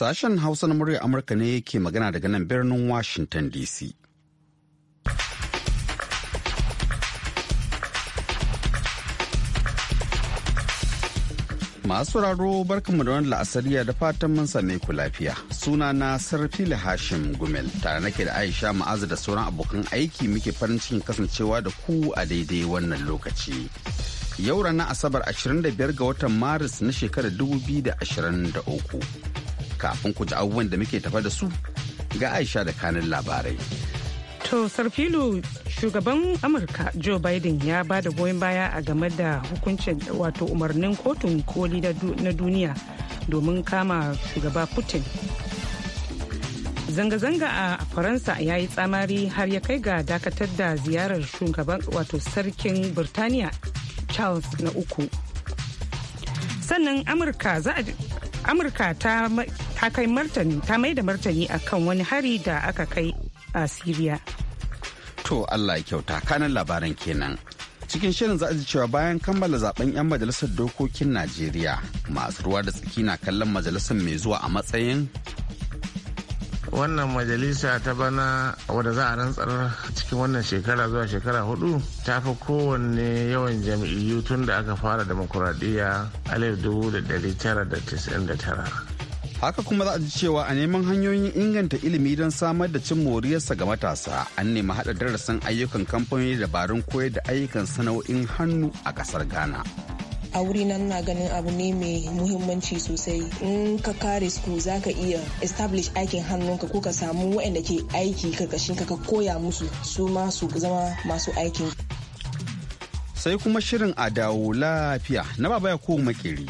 Sashen Hausa na murya Amurka ne ke magana daga nan birnin Washington DC. Masu raro barkanmu da wani la'asariya da fatan mun same ku lafiya. Suna na Sarfila Hashim Gumel tare nake da Aisha Ma'azu da sauran abokan aiki muke farin cikin kasancewa da ku a daidai wannan lokaci. Yau ranar Asabar 25 ga watan Maris na shekarar 2023. kafin ku ji abubuwan da muke tafa da su ga Aisha da kanin labarai. To Sarfilu shugaban Amurka Joe Biden ya ba da goyon baya a game da hukuncin wato umarnin kotun koli na duniya domin kama shugaba Putin. Zanga-zanga a Faransa ya yi tsamari har ya kai ga dakatar da ziyarar shugaban wato sarkin Birtaniya Charles na uku. Sannan Amurka za a Amurka ta ta kai martani ta mai da martani akan wani hari da aka kai a Siriya. To Allah ya kyauta kanan labaran kenan. Cikin shirin za a ji cewa bayan kammala zaben 'yan majalisar dokokin Najeriya masu ruwa da tsaki na kallon majalisar mai zuwa a matsayin wannan majalisa ta bana wadda za a rantsar cikin wannan shekara zuwa shekara hudu ta fi kowanne yawan jam'iyyu tun da aka fara demokuraɗiyya alif tara. haka kuma za a ji cewa a neman hanyoyin inganta ilimi don samar da cin moriyarsa ga matasa an nemi haɗa darasin ayyukan kamfanoni dabarun koyar da ayyukan sana'o'in hannu a kasar ghana a wuri nan na ganin abu ne mai muhimmanci sosai in ka kare su za ka iya establish aikin ka ko ka samu waɗanda ke aiki karkashin ka ka koya musu su ma su zama masu aikin sai kuma shirin a dawo lafiya na baba ya ko makeri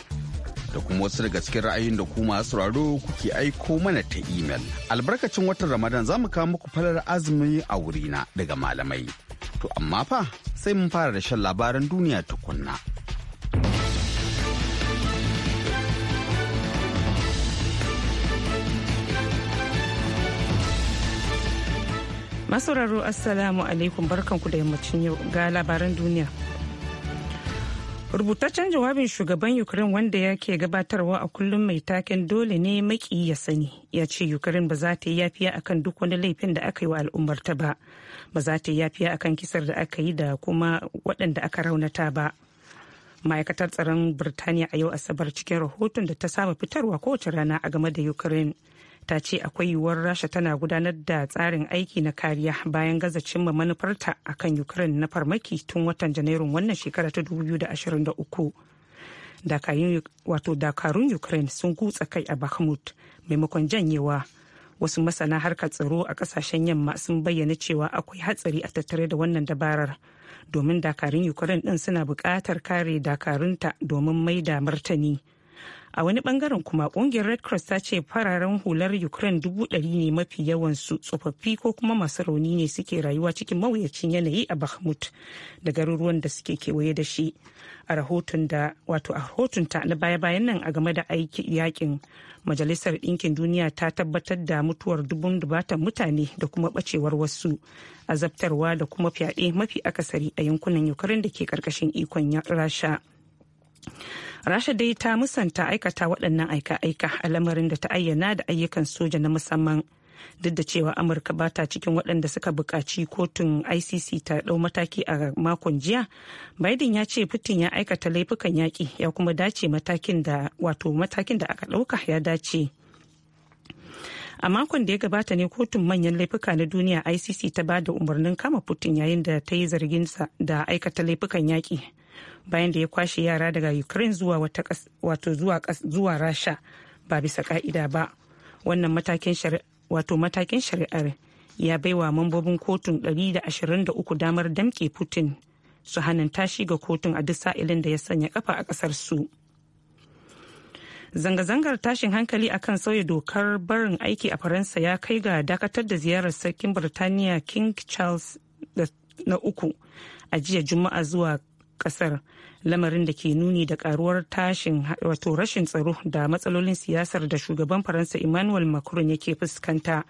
da kuma wasu daga cikin ra'ayin da ku masu sauraro kuke aiko mana ta imel. Albarkacin watan Ramadan za mu kawo muku falar azumi a wurina daga malamai. To amma fa sai mun fara da shan labaran duniya tukunna. Masauraro Assalamu alaikum barkanku da yammacin yau ga labaran duniya. rubutaccen jawabin shugaban ukraine wanda yake gabatarwa a kullum mai taken dole ne maki ya sani ya ce ukraine ba za ta yi yafiya akan duk wani laifin da aka yi wa al'ummarta ba ba za ta yi yafiya akan kisar da aka yi da kuma waɗanda aka raunata ba ma'aikatar tsaron birtaniya a yau asabar cikin rahoton da ta saba fitarwa kowace rana a game da ukraine ta ce akwai yiwuwar rasha tana gudanar da tsarin aiki na kariya bayan gaza cimma manufarta a kan ukraine na farmaki tun watan janairun wannan shekara ta 2023 dakarun ukraine sun kutsa kai a bakhmut maimakon janyewa wasu masana harkar tsaro a kasashen yamma sun bayyana cewa akwai hatsari a tattare da wannan dabarar domin dakarun ukraine din suna buƙatar kare dakarunta domin mai da martani a wani bangaren kuma kungiyar red cross ta ce fararen hular ukraine dubu ɗari ne mafi yawan su tsofaffi ko kuma masu rauni ne suke rayuwa cikin mawuyacin yanayi a bakhmut da garuruwan da suke kewaye da shi a rahoton da wato a rahotonta na baya-bayan nan a game da aiki yakin majalisar ɗinkin duniya ta tabbatar da mutuwar dubun dubatan mutane da kuma bacewar wasu azabtarwa da kuma fyaɗe mafi akasari a yankunan ukraine da ke ƙarƙashin ikon rasha rasha dai ta musanta aikata waɗannan aika-aika a lamarin da ta ayyana da ayyukan soja na musamman duk da cewa amurka ba ta cikin waɗanda suka buƙaci kotun icc ta ɗau mataki a makon jiya biden ya ce putin ya aikata laifukan yaƙi ya kuma dace matakin da wato matakin da aka ɗauka ya dace a makon da ya gabata ne kotun manyan laifuka na duniya icc ta ba da umarnin kama putin yayin da ta yi zarginsa da aikata laifukan yaƙi bayan da ya kwashe yara daga ukraine zuwa wato zuwa rasha ba bisa ka'ida ba wannan matakin wato matakin shari'ar ya baiwa mambobin kotun 123 damar damke putin su hannun tashi ga kotun a duk sa'ilin da ya sanya kafa a kasar su zanga-zangar tashin hankali akan sauya dokar barin aiki a faransa ya kai ga dakatar da ziyarar sarkin birtaniya king charles na uku a jiya juma'a zuwa kasar lamarin da ke nuni da karuwar tashin wato rashin tsaro da matsalolin siyasar da shugaban faransa emmanuel macron yake fuskanta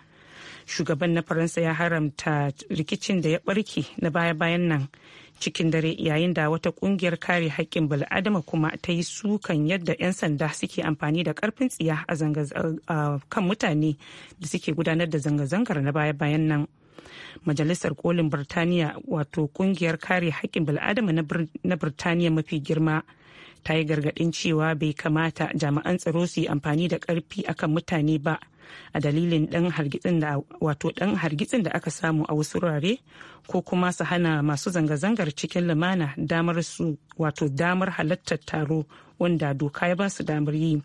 shugaban na faransa ya haramta rikicin da ya barke na baya-bayan nan cikin dare yayin da wata kungiyar kare haƙƙin bal'adama kuma ta yi sukan yadda 'yan sanda suke amfani da karfin tsiya a kan mutane da suke gudanar da zanga-zangar na baya-bayan nan. majalisar kolin birtaniya wato kungiyar kare haƙƙin bil'adama na birtaniya mafi girma ta yi gargaɗin cewa bai kamata jami'an tsaro su yi amfani da ƙarfi akan mutane ba a dalilin ɗan hargitsin da aka samu a wasu wurare ko kuma su hana masu zanga-zangar cikin lumana damar su wato damar halartar taro wanda doka ya ba su damar yi.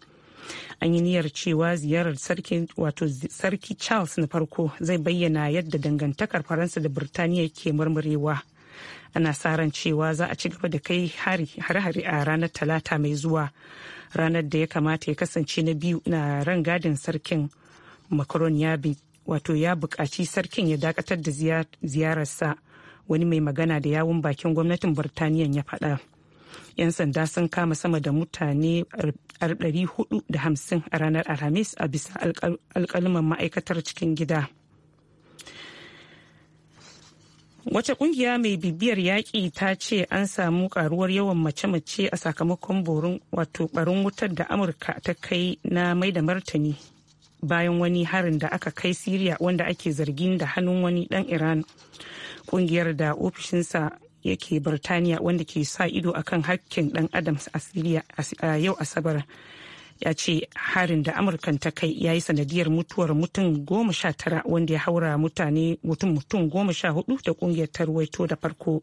an yi niyyar cewa ziyarar sarki wato sarki charles na farko zai bayyana yadda dangantakar faransa da birtaniya ke murmurewa ana sa ran cewa za a ci gaba da kai hare-hare a ranar talata mai zuwa ranar da ya kamata ya kasance na biyu na rangadin sarkin macron ya wato ya bukaci sarkin ya dakatar da ziyararsa wani mai magana da yawun bakin gwamnatin birtaniya ya faɗa 'Yan sanda sun kama sama da mutane 450 a ranar Alhamis a bisa alkalman ma'aikatar cikin gida. Wace kungiya mai bibiyar yaƙi ta ce an samu karuwar yawan mace-mace a sakamakon borin wato barin wutar da Amurka ta kai na mai da martani bayan wani harin da aka kai Siriya wanda ake zargin da hannun wani dan Iran. Kungiyar da ofishinsa yake birtaniya wanda ke sa ido akan hakkin dan adam a a yau asabar ya ce harin da amurkan ta kai ya yi sanadiyar mutuwar mutum goma sha tara wanda ya haura mutane mutum mutum goma sha hudu da kungiyar tarwaito da farko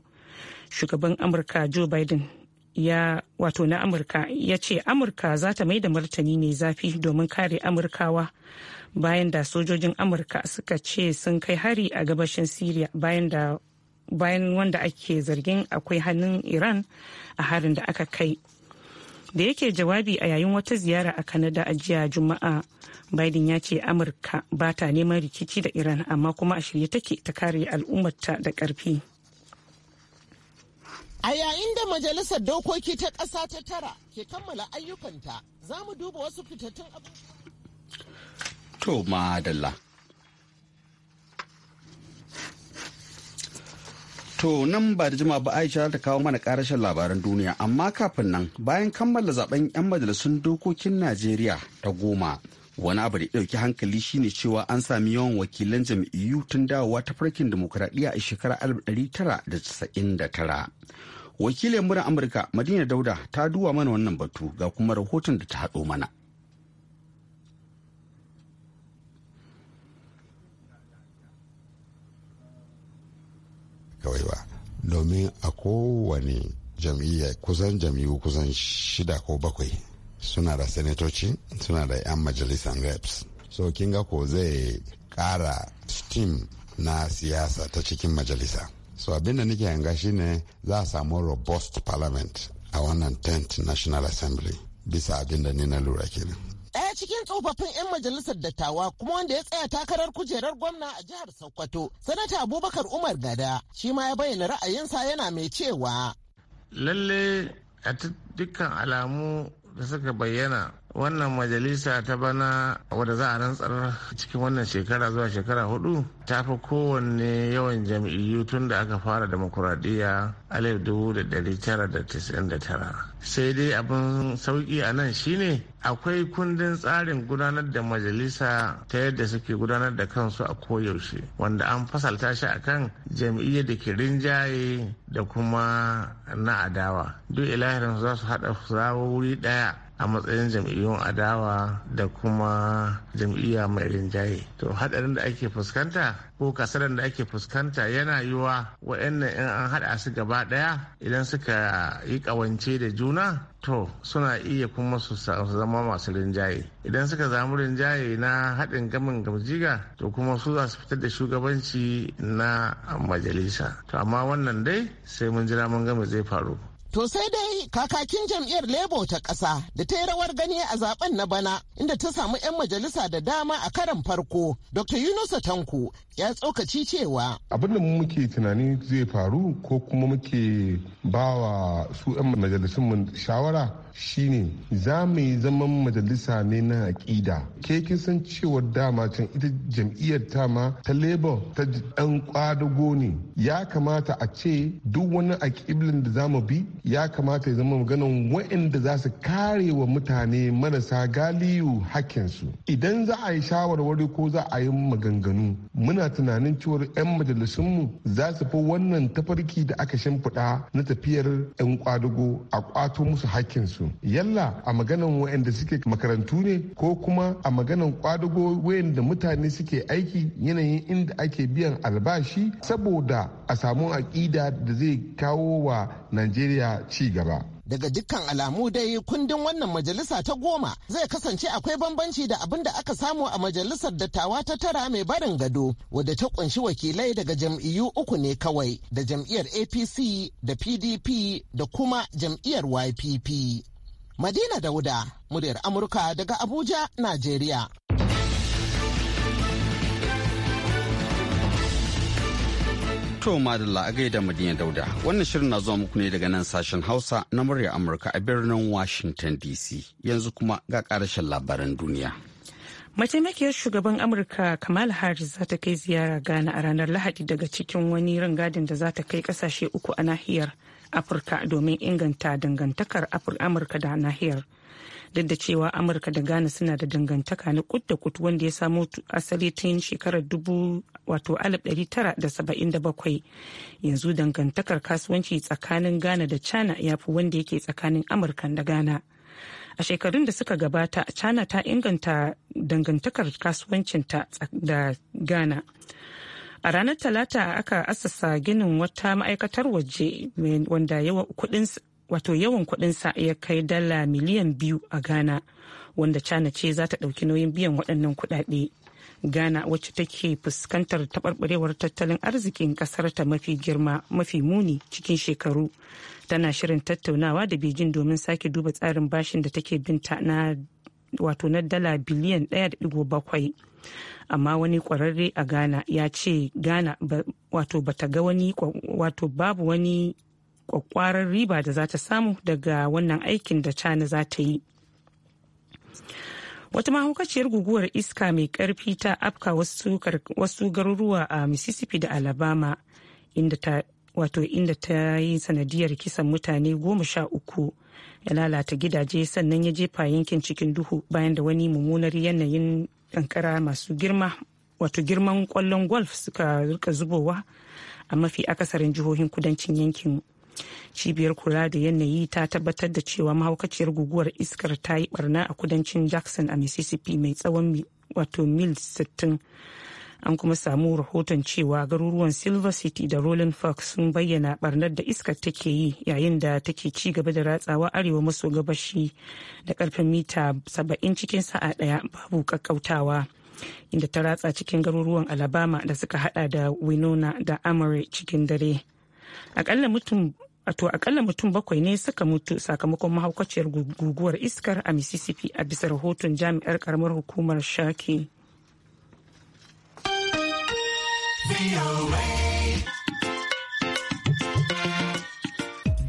shugaban amurka joe biden ya wato na amurka ya ce amurka za ta mai da martani ne zafi domin kare amurkawa bayan da sojojin amurka suka ce sun kai hari a gabashin syria bayan da bayan wanda ake zargin akwai hannun iran a harin da aka kai da yake jawabi a yayin wata ziyara a kanada a jiya juma'a biden ya ce amurka ba ta neman rikici da iran amma kuma a shirye take ta kare al'ummarta da karfi a yayin da majalisar dokoki ta ƙasa ta tara ke kammala ayyukanta za mu duba wasu fitattun abubuwa to madalla To nan ba da jima ba Aisha ta kawo mana karashin labaran duniya amma kafin nan bayan kammala zaben 'yan majalisun dokokin Najeriya ta goma wani abu da ɗauki hankali shine cewa an sami yawan wakilan jam'iyyu tun dawowa ta farkin dimokuraɗiyya a shekarar tara. Wakilin murin Amurka Madina Dauda ta duwa mana wannan batu ga kuma rahoton da ta haɗo mana. kawaiwa domin a kowane jam'iyya kusan jam'iyyu kusan shida ko bakwai suna da senatoci suna da 'yan majalisan reps so kinga ko zai kara steam na siyasa ta cikin majalisa so abin da nake hanga shine za a samu robust parliament a wannan 10th national assembly bisa abin da ni na lura kenan Ɗaya cikin tsofaffin 'yan majalisar dattawa kuma wanda ya tsaya takarar kujerar gwamna a jihar Sokoto, Sanata Abubakar Umar Gada, shi ma ya bayyana ra'ayinsa yana mai cewa. Lalle a dukkan alamu da suka bayyana wannan majalisa ta bana wadda za a rantsar cikin wannan shekara zuwa shekara hudu ta fi kowanne yawan jam'iyyu tun da aka fara demokuraɗiyya alif dubu da tara sai dai abin sauki a nan shine akwai kundin tsarin gudanar da majalisa ta yadda suke gudanar da kansu a koyaushe wanda an fasalta shi kan jam'iyyar da ke rinjaye da kuma na adawa duk ilahirin za su haɗa zawo wuri ɗaya a matsayin jam'iyyun adawa da kuma jam'iyya mai rinjaye to hadarin da ake fuskanta ko kasaran da ake fuskanta yana yiwa wa'annan in an hada su gaba daya idan suka yi kawance da juna to suna iya kuma su zama masu rinjaye idan suka zamu rinjaye na haɗin gamin gamjiga to kuma su za su fitar da shugabanci na majalisa to amma wannan dai sai mun jira mun gama zai faru To sai dai kakakin jam'iyyar Labour ta ƙasa da ta yi rawar gani a zaben na bana inda ta samu 'yan majalisa da dama a karan farko Dr. Yunusa Tanko ya tsokaci cewa. abinda da muke tunani zai faru ko kuma muke bawa su 'yan majalisunmu shawara shine za mu yi zaman majalisa ne na aƙida ke kin san cewa dama can ita jam'iyyar tama ta labour ta ɗan kwadago ne ya kamata a ce duk wani aƙiblin da za mu bi ya kamata ya zama maganan waɗanda za su kare wa mutane marasa galiyu hakkinsu idan za a yi shawarwari ko za a yi maganganu muna tunanin cewa 'yan majalisunmu za su fi wannan tafarki da aka shimfiɗa na tafiyar 'yan kwadago a kwato musu hakkinsu su yalla a maganan wayanda suke makarantu ne ko kuma a maganan kwadago wayanda mutane suke aiki yanayin inda ake biyan albashi saboda a samu aƙida da zai kawo wa najeriya ci gaba daga dukkan alamu dai kundin wannan majalisa ta goma zai kasance akwai bambanci da abin da aka samu a majalisar dattawa ta tara mai barin gado wadda ta kunshi wakilai daga jam'iyyu uku ne kawai da jam'iyyar apc da pdp da kuma jam'iyyar ypp Madina Dauda, muryar Amurka daga Abuja, Najeriya. To Madalla a gaida Madina Dauda, wannan shirin na zuwa muku ne daga nan sashen Hausa na muryar Amurka a birnin Washington DC. Yanzu kuma ga ƙarashin labaran duniya. mataimakiyar shugaban amurka Kamal harris za ta kai ziyara ghana a ranar lahadi daga cikin wani rangadin da za ta kai kasashe uku a nahiyar afirka domin inganta dangantakar amurka da nahiyar duk da cewa amurka da ghana suna da dangantaka na kut da kut wanda ya samo asali tun shekarar dubu wato bakwai yanzu dangantakar kasuwanci tsakanin ghana da china ya fi wanda yake tsakanin amurka da ghana a shekarun da suka gabata china ta inganta dangantakar kasuwancinta da ghana a ranar talata aka asasa ginin wata ma'aikatar waje wanda wato yawan kudinsa ya kai dala miliyan biyu a ghana wanda china ce za ta ɗauki nauyin biyan waɗannan kuɗaɗe. ghana wacce take fuskantar taɓarɓarewar tattalin arzikin ƙasar ta mafi girma mafi muni cikin shekaru tana shirin tattaunawa da beijing domin sake duba tsarin bashin da take binta na wato na dala biliyan 1.7 amma wani kwararre a ghana ya ce ghana wato bata ga wani wato babu wani kwakwarar riba da za ta samu daga wannan aikin da china za ta yi wata mahaukaciyar guguwar iska mai karfi ta afka wasu garuruwa a mississippi da alabama inda ta inda ta yi sanadiyar kisan mutane goma sha uku ya lalata gidaje sannan ya jefa yankin cikin duhu bayan da wani mummunar yanayin kankara masu girma wato girman kwallon golf suka rika zubowa a mafi akasarin jihohin kudancin yankin cibiyar kula da yanayi ta tabbatar da cewa mahaukaciyar guguwar iskar ta yi barna a kudancin jackson a mississippi mai tsawon wato mil 60 an kuma samu rahoton cewa garuruwan silver city da rolling fox sun bayyana barnar da iskar take yi yayin da take ci gaba da ratsawa arewa maso gabashi da karfin mita 70 cikin sa'a daya babu kakkautawa inda ta ratsa cikin garuruwan alabama da suka hada da winona da amare cikin dare akalla mutum to akalla mutum bakwai ne suka mutu sakamakon mahaukaciyar guguwar iskar a mississippi a bisa rahoton jami'ar karamar hukumar shaki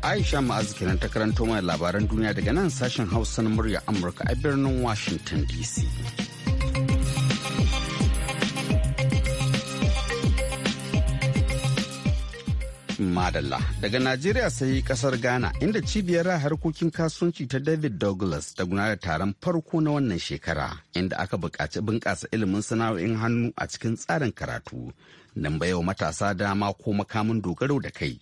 aisha ma'azu kenan ta karanto mai labaran duniya daga nan sashen hausa na murya amurka a birnin washington dc Madalla daga Najeriya sai kasar Ghana inda cibiyar harkokin kasuwanci ta David Douglas ta gudanar taron farko na wannan shekara inda aka buƙaci bunƙasa ilimin sana'o'in hannu a cikin tsarin karatu nan bayo matasa dama ko makamin dogaro da kai.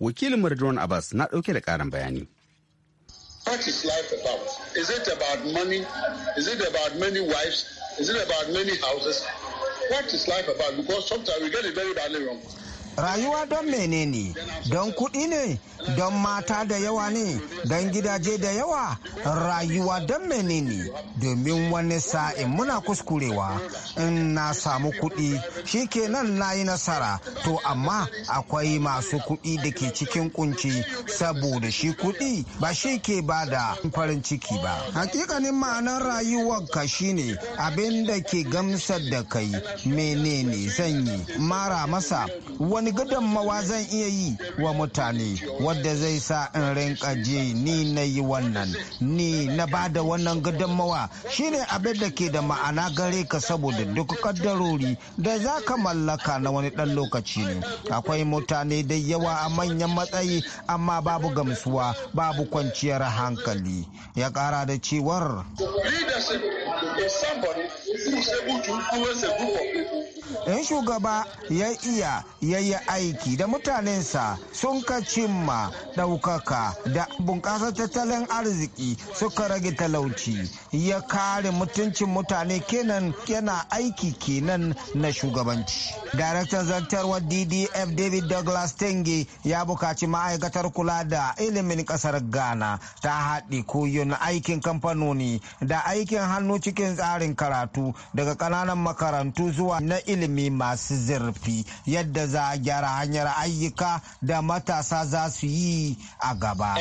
Wakilin Marjon Abbas na ɗauke da ƙarin bayani. What is life about? Is it about money? Is it about many wives? Is it about many houses? What is life about? Because sometimes we get it very badly wrong. rayuwa don mene ne don kuɗi ne don mata da yawa ne don gidaje da yawa rayuwa don mene ne domin wani sa'in muna kuskurewa in na samu kuɗi shikenan na yi nasara to amma akwai masu kuɗi da ke cikin kunci saboda shi kuɗi ba shi ke ba da farin ciki ba hakikanin ma'anar rayuwar ka shine abin da ke gamsar da kai menene zan yi mara masa wani wani gudunmawa zan iya yi wa mutane wadda zai sa in rinka je ni na yi wannan ni na ba da wannan gudunmawa shine abin da ke da ma'ana gare ka saboda duk kaddarori da za ka mallaka na wani dan lokaci ne akwai mutane da yawa a manyan matsayi amma babu gamsuwa babu kwanciyar hankali ya kara da cewar in shugaba ya iya ya iya aiki da mutanensa sun ka cimma ɗaukaka da bunƙasa tattalin arziki suka rage talauci ya kare mutuncin mutane kenan yana aiki kenan na shugabanci. Daraktan zartarwar DDF David Douglas Tenge ya bukaci ma'aikatar kula da ilimin ƙasar Ghana ta haɗi koyon aikin kamfanoni da aikin hannu cikin tsarin karatu daga ƙananan makarantu zuwa na ilimi masu zurfi yadda za gyara hanyar ayyuka da matasa za su yi a gaba.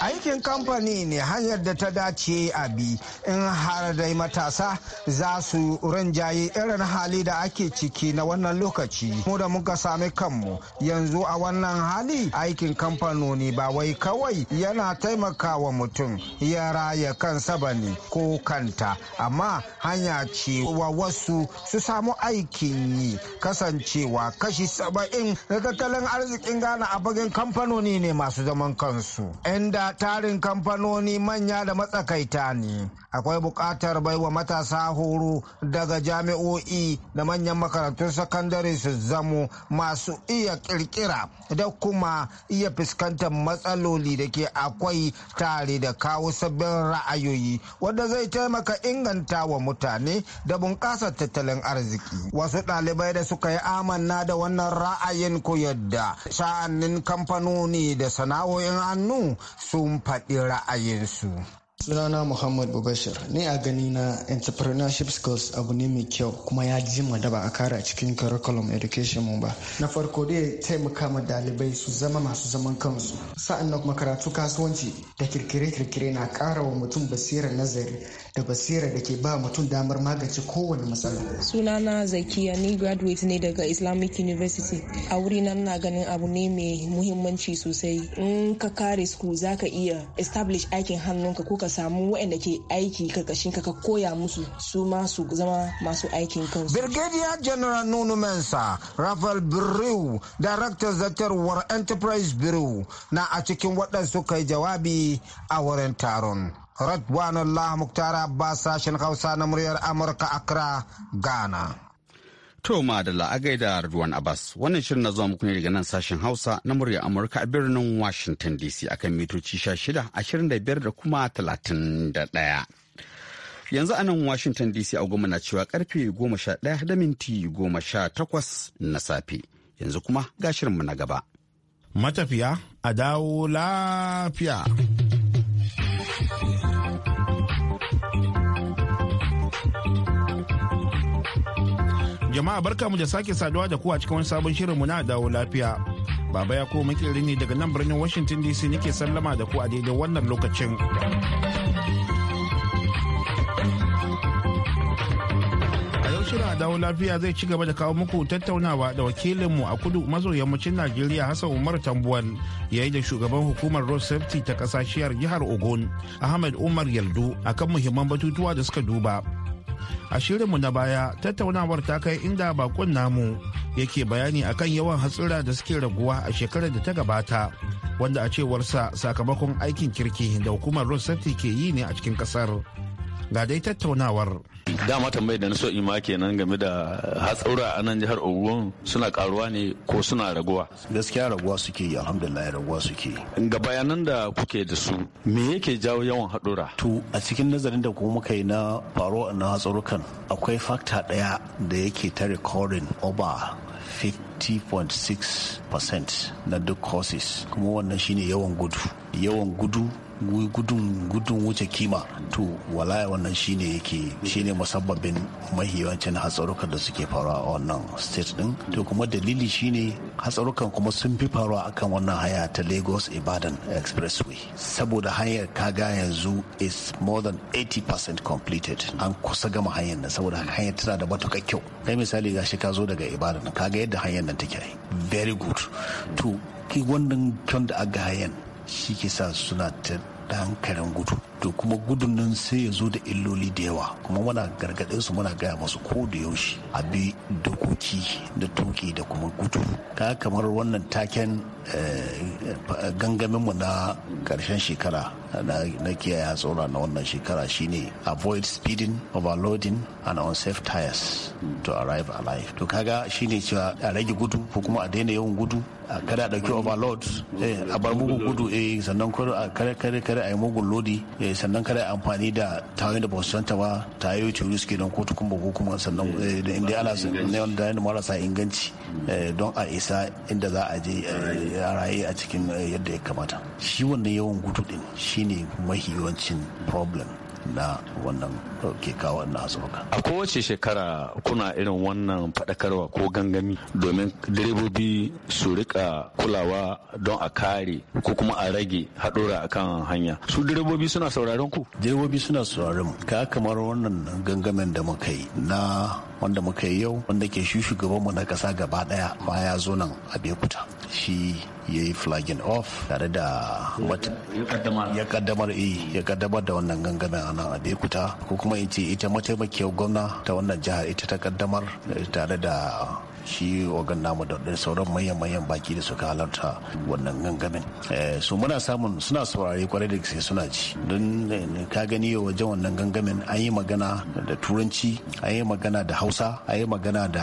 Aikin kamfani ne hanyar da ta dace a bi in har dai matasa za su rinjaye irin hali da ake ciki na wannan lokaci. Mu da muka sami kanmu yanzu a wannan hali aikin kamfanoni ba wai kawai yana taimakawa mutum ya raya kansa bane ne ko kanta amma hanyar hanya cewa wasu su samu aikin yi kasancewa kashi saba'in da tattalin arzikin Ghana a bagin kamfanoni ne masu zaman kansu. Inda tarin kamfanoni manya da matsakaita ne akwai buƙatar baiwa matasa horo daga jami'o'i da manyan makarantun sakandare su zamo masu iya ƙirƙira da kuma iya fuskantar matsaloli da ke akwai tare da kawo sabbin ra'ayoyi wanda zai taimaka inganta wa mutane da bunƙasa tattalin arziki wasu ɗalibai da suka yi amanna da wannan ra'ayin ko yadda sha'anin kamfanoni da sana'o'in hannu sun faɗi ra'ayinsu sunana muhammad bubashir ni a gani na entrepreneurship skills abu ne mai kyau kuma ya jima da ba a kara cikin curriculum education mu ba na farko dai taimaka ma dalibai su zama masu zaman kansu sa'an nan kuma karatu kasuwanci da kirkire-kirkire na kara wa mutum basira nazari da basira da ke ba mutum damar magance kowane matsala sunana zakiya ni graduate ne daga islamic university a wuri nan na ganin abu ne mai muhimmanci sosai in ka kare school zaka iya establish aikin hannunka ko ka samu waɗanda ke aiki karkashin ka ka koya musu su ma su zama masu aikin kansu. Brigadier General Nunu Mensa, Rafael Biru, Daraktan Zartarwar Enterprise Biru na a cikin waɗansu kai jawabi a wurin taron. Radwan Allah Muktar Abbas sashen Hausa na muryar Amurka Accra, Ghana. To ma da la'agai da Radwan Abbas wannan shirin na zuwa muku ne daga nan sashen Hausa na murya Amurka a birnin Washington DC akan mitoci sha shida, ashirin da biyar da kuma talatin da ɗaya. yanzu a nan Washington DC goma na cewa karfe goma sha ɗaya da minti goma sha takwas na safe. Yanzu kuma ga mu na gaba. Matafiya a dawo lafiya. Jama'a barka mu da sake saduwa da ku a cikin wani sabon shirin mu na dawo lafiya. Baba ya koma makiri ne daga nan birnin Washington DC nake sallama da ku a daidai wannan lokacin. A yau shirin a dawo lafiya zai ci gaba da kawo muku tattaunawa da wakilinmu a kudu maso yammacin Najeriya Hassan Umar Tambuwan yayi da shugaban hukumar Road Safety ta kasashiyar jihar Ogun Ahmed Umar Yaldu akan muhimman batutuwa da suka duba. a shirinmu na baya tattaunawar ta kai inda bakon namu yake bayani akan yawan hatsura da suke raguwa a shekarar da ta gabata wanda a cewarsa sakamakon aikin kirki da hukumar rosati ke yi ne a cikin kasar Ga dai tattaunawar. Dama tambayar da naso so ima kenan game da hatsaura a nan jihar Ogun suna karuwa ne ko suna raguwa. Gaskiya raguwa suke yi alhamdulillah raguwa suke. Ga bayanan da kuke da su me yake jawo yawan hadura To a cikin nazarin da kuma muka yi na faro na hatsarukan akwai fakta ɗaya da yake ta recording over 30.6% na duk courses kuma wannan shine yawan gudu yawan gudu gudun gudun wuce kima to walaya wannan shine yake shine musabbabin yawancin hatsarukan da suke faruwa a wannan state din to kuma dalili shine hatsarukan kuma sun fi faruwa akan wannan haya ta Lagos Ibadan expressway saboda hanyar kaga yanzu is more than 80% completed an kusa gama hanyar nan saboda hanyar tana da matuƙar kyau kai misali shi ka zo daga Ibadan kaga yadda hanyar wannan take ai very good to ki wannan kyon da aga hayan shi ke sa suna ɗan karen gudu to kuma gudun nan sai ya zo da illoli da yawa kuma muna gargaɗin su muna gaya masu ko da yaushe a bi dokoki da tuki da kuma gudu ka kamar wannan taken eh, gangamin mu na karshen shekara na kiyaye tsora na wannan shekara shine avoid speeding overloading and unsafe tires to arrive alive to kaga shine cewa a rage gudu ko kuma a daina yawan gudu kada a dauki overload eh, a bar mugun gudu eh sannan kare kare kare a yi mugun lodi eh, sannan kare amfani da tayoyin da ba ta santa ba tayoyi suke don ko kuma ko kuma sannan eh, da inda ana ne da marasa inganci don a isa inda za a je a raye a cikin yadda ya kamata shi wannan yawan gudu din shine mahi yawancin problem na wannan ke kawo wannan A kowace shekara kuna irin wannan faɗakarwa ko gangami domin direbobi su rika kulawa don a kare ko kuma a rage haɗura kan hanya. Su direbobi suna sauraron ku? Direbobi suna sauraron ka kamar wannan gangamin da muka yi na wanda muka yi yau wanda ke shi shugabanmu na kasa gaba ɗaya ma ya zo nan a Bekuta. Shi ya yi flagging off tare da ya kaddamar eh, ya kaddamar da wannan gangamin a nan a bekuta ko kuma in ce ita mataimakiyar gwamna ta wannan jihar ita ta kaddamar eh, tare da shi ogan namu da sauran manyan manyan baki da suka halarta wannan gangamin eh, su muna samun suna saurare kwarai da gaske suna ci don eh, ka gani wajen wannan gangamin an yi magana da turanci an yi magana da hausa an yi magana da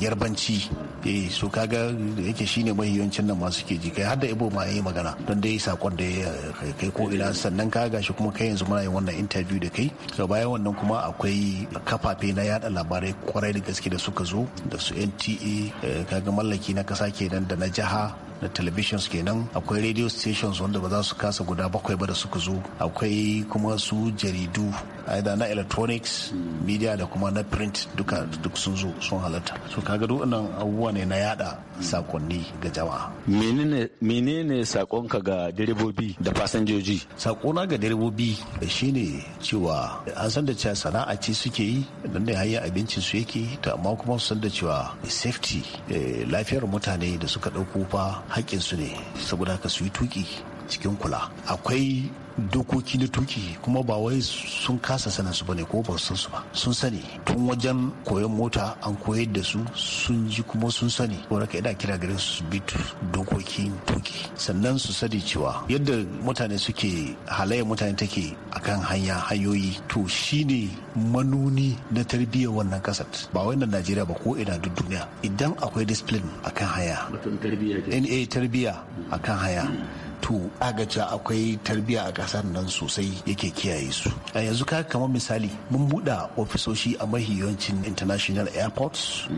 yarbanci eh ka kaga yake shine mahiyancin nan masu ke ji kai har da ibo ma yi magana don dai sakon da ya eh, kai ko ina sannan ka gashi kuma kai yanzu muna yin wannan interview da kai to bayan wannan kuma akwai kafafe na yada labarai kwarai da gaske da suka zo da su NT E, eh, ka ga mallaki na kasa kenan da na jiha na televisions kenan akwai radio stations wanda ba za su kasa guda bakwai ba da suka zo akwai kuma su jaridu aida na electronics media da kuma na print duka duk sun zo sun halatta so kaga duk nan abubuwa ne na yada sakonni ga jama'a menene menene sakonka ga direbobi da fasinjoji sakona ga direbobi shine cewa an san da cewa sana'a ce suke yi don ne hayya abincin su yake to amma kuma su san da cewa safety eh, lafiyar mutane da suka dauko fa hakkin su ne saboda haka su yi tuki cikin kula akwai dokoki na tuki kuma ba wai sun kasa sanin su bane ko ba san su ba sun sani tun wajen koyon mota an koyar da su sun ji kuma sun sani ko raka ina kira garin su bi dokokin tuki sannan su sani cewa yadda mutane suke halaye mutane take akan hanya hanyoyi to shine manuni na tarbiyyar wannan kasar ba wai na Najeriya ba ko ina duk duniya idan akwai discipline akan haya tarbiyya akan haya to agaja akwai tarbiyya a kasar nan sosai yake kiyaye su a yanzu ka kamar misali mun buɗe ofisoshi a mahi international airports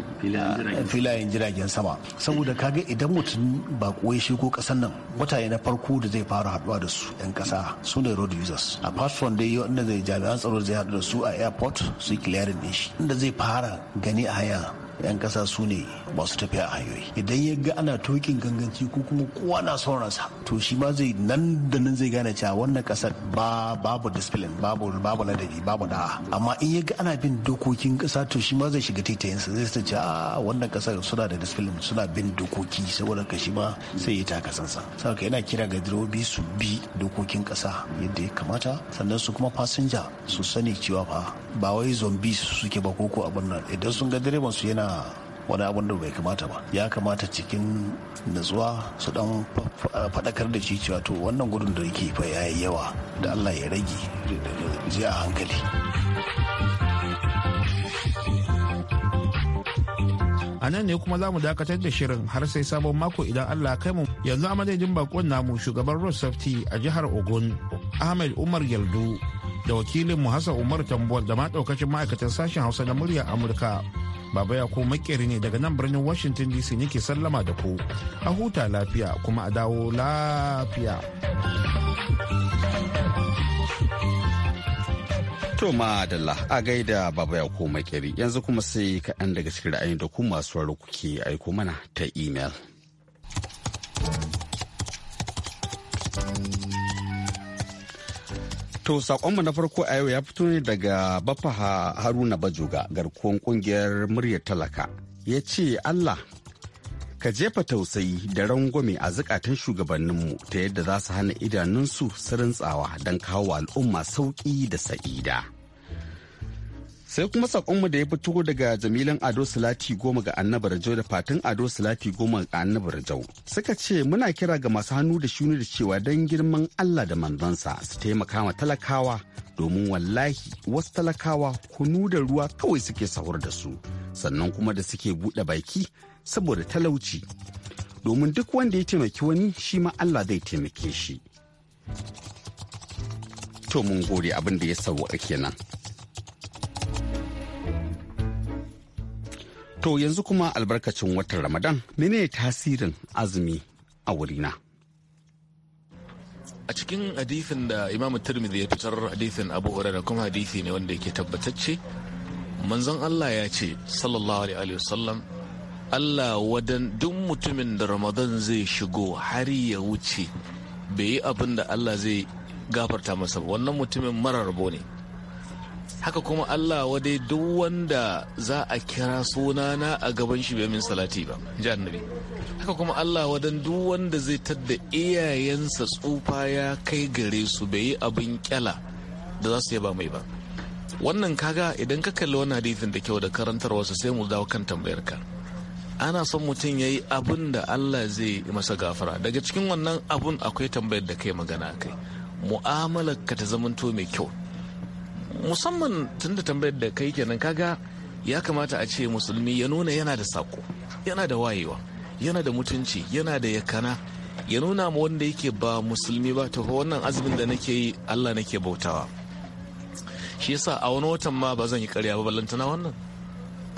filayen jiragen sama saboda kaga idan mutum ba ya shigo kasar nan mutane na farko da zai fara haɗuwa da su yan kasa su ne road users A platform dai wanda zai jami'an tsaro zai haɗu da su a airport su clearing din shi inda zai fara gani a haya 'yan kasa su ne masu tafiya a hanyoyi idan ya ga ana tokin ganganci ko kuma kowa na son ransa to shi ma zai nan da nan zai gane cewa wannan kasar ba babu discipline babu babu ladabi babu da. amma in ya ga ana bin dokokin kasa to shi ma zai shiga sa zai sace a wannan kasar suna da discipline suna bin dokoki saboda ka shi ma sai ya taka sansa saboda yana kira ga direbobi su bi dokokin kasa yadda ya kamata sannan su kuma fasinja su sani cewa fa ba wai zombi suke ba koko abin nan idan sun ga direban su yana wani abin da bai kamata ba ya kamata cikin natsuwa su dan faɗakar da shi cewa to wannan gudun da yake fa yayi yawa da Allah ya rage je a hankali a nan ne kuma za mu dakatar da shirin har sai sabon mako idan Allah kai mu yanzu a madadin bakon namu shugaban rog-safti a jihar Ogun Ahmed Umar Geldu da wakilin mu Hassan Umar Tambuwal da ma daukacin ma'aikatan sashen Hausa na muryar Amurka Baba ya ko makeri ne daga nan birnin Washington DC nake sallama da ku. A huta lafiya kuma a dawo lafiya. To dala a gaida baba ya makeri yanzu kuma sai kaɗan daga cikin ra'ayin da ku masu wari kuke aiko mana ta email. To sakonmu na farko a yau ya fito ne daga bafaha Haruna Bajoga garkuwan kungiyar muryar talaka. Ya ce Allah ka jefa tausayi da rangwame a zukatan shugabanninmu ta yadda za su hana idanunsu su rintsawa don kawo al'umma sauƙi da sa'ida. sai kuma sakonmu da ya fito daga jamilan ado salati goma ga annabar jau da fatan ado salati goma ga annabar jau suka ce muna kira ga masu hannu da shuni da cewa don girman allah da manzansa su taimaka ma talakawa domin wallahi wasu talakawa kunu da ruwa kawai suke sahur da su sannan kuma da suke buɗe baki saboda talauci domin duk wanda ya taimaki wani shi ma allah zai taimake shi to mun gode abin da ya sauwa kenan. To yanzu kuma albarkacin watan Ramadan mene tasirin azumi a wurina? a cikin hadithin da imam tirmidhi ya fitar hadithin abu hurairah kuma hadithi ne wanda yake tabbatacce manzon allah ya ce sallallahu alaihi wasallam allah wadan duk mutumin da ramadan zai shigo har ya wuce bai yi abin da allah zai gafarta masa wannan mutumin marar rabo ne haka kuma Allah wadai duk wanda za a kira sunana a gaban shi bai min salati ba jannabi haka kuma Allah wadan duk wanda zai tadda iyayensa tsufa ya kai gare su bai yi abin kyala da za su yaba mai ba wannan kaga idan ka kalli wannan hadithin da kyau da karantarwa su sai mu dawo kan tambayar ka ana son mutum ya yi abin da Allah zai masa gafara daga cikin wannan abun akwai tambayar da kai magana kai mu'amalar ka ta zamanto mai kyau musamman tun da tambayar da kai kenan kaga ya kamata a ce musulmi ya nuna yana da sako yana da wayewa yana da mutunci yana da yakana ya nuna ma wanda yake ba musulmi ba ta wannan azumin da nake yi allah nake bautawa shi yasa a wani watan ma ba zan yi karya ba ballantana wannan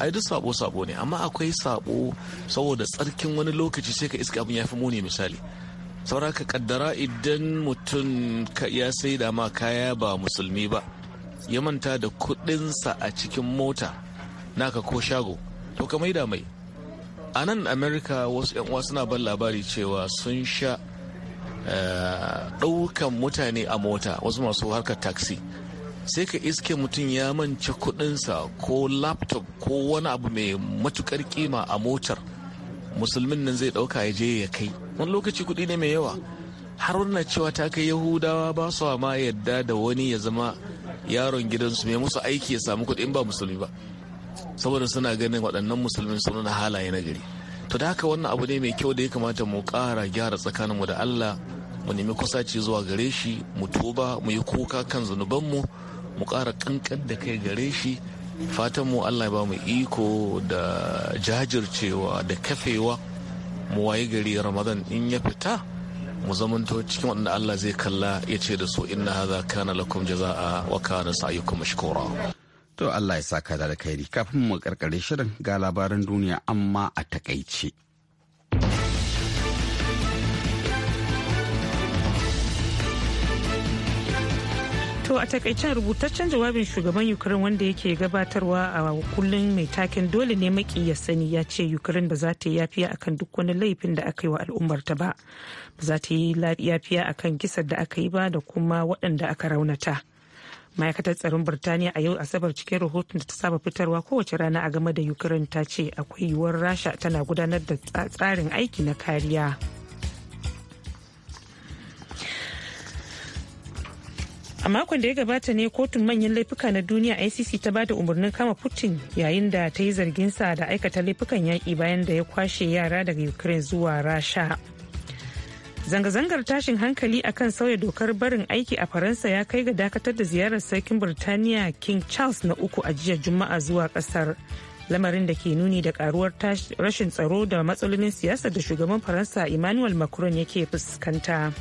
ai duk sabo sabo ne amma akwai sabo saboda tsarkin wani lokaci sai ka iska abin ya fi muni misali saura ka kaddara idan mutum ya sai da ma kaya ba musulmi ba ya manta da kuɗinsa a cikin mota naka ko shago to ka maida mai a nan amerika wasu 'yan uwa suna ban labari cewa sun sha eh, ɗaukan mutane a mota wasu masu harkar taxi sai ka iske mutum ya manci kudinsa ko laptop ko wani abu mai matukar kima a motar musulmin nan zai ɗauka ya je ya kai wani lokaci kudi ne mai yawa har wannan cewa ta kai yahudawa ba su ma yadda da wani ya zama yaron gidansu mai musu aiki ya samu kuɗi in ba musulmi ba saboda suna ganin waɗannan musulmi suna da halaye na gari to da haka wannan abu ne mai kyau da ya kamata mu ƙara gyara tsakanin mu da Allah mu nemi kusaci zuwa gare shi mu tuba mu yi kuka kan zunubanmu mu ƙara kankan da kai gare shi fatan mu Allah ya ba mu iko da jajircewa da kafewa mu waye gari Ramadan in ya fita mu zamanto cikin wanda Allah zai kalla ya ce da su inna haza kana lakum jazaa wa kana sa'yukum mashkura to Allah ya saka da alkhairi kafin mu karkare shirin ga labaran duniya amma a takaice To a takaicen rubutaccen jawabin shugaban Ukraine wanda yake gabatarwa a kullum mai taken dole ne maki ya sani ya ce Ukraine ba za ta yi yafiya akan duk wani laifin da aka yi wa al'ummar ta ba. Ba za ta yi yafiya akan kisar da aka yi ba da kuma waɗanda aka raunata. ma'aikatar tsaron birtaniya a yau asabar cikin rahoton da ta saba fitarwa kowace rana a game da ukraine ta ce akwai yiwuwar rasha tana gudanar da tsarin aiki na kariya a makon da ya gabata ne kotun manyan laifuka na duniya icc ta bada umarnin kama putin yayin da ta yi sa da aikata laifukan yaƙi bayan da ya kwashe yara daga ukraine zuwa rasha zanga-zangar tashin hankali akan sauya dokar barin aiki a faransa ya kai ga dakatar da ziyarar sarkin birtaniya king charles na uku a jiya juma'a zuwa kasar lamarin da ke nuni da karuwar rashin tsaro da matsalolin siyasa da shugaban faransa emmanuel macron yake fuskanta.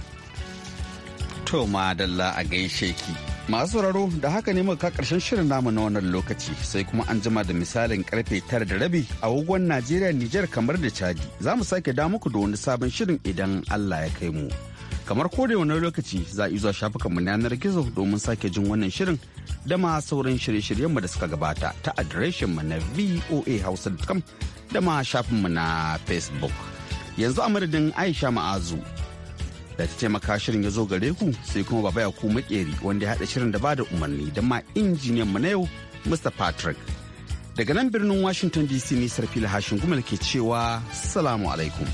To madalla a gaishe ki. Masu sauraro da haka ne muka karshen shirin namu na wannan lokaci sai kuma an jima da misalin karfe tara da rabi a wagon Najeriya Nijar kamar da Chadi. Za mu sake da muku da wani sabon shirin idan Allah ya kai mu. Kamar ko da wani lokaci za a zuwa shafukan mu yanar gizo domin sake jin wannan shirin da ma sauran shirye-shiryen mu da suka gabata ta adireshin mu na voahausa.com da ma shafin mu na Facebook. Yanzu a madadin Aisha Ma'azu da ta taimaka shirin ya zo gare ku sai kuma baba ya ku makeri wanda ya haɗa shirin da ba da umarni da ma injiniyan mu na yau mr patrick daga nan birnin washington dc ne sarfila hashin gumal ke cewa salamu alaikum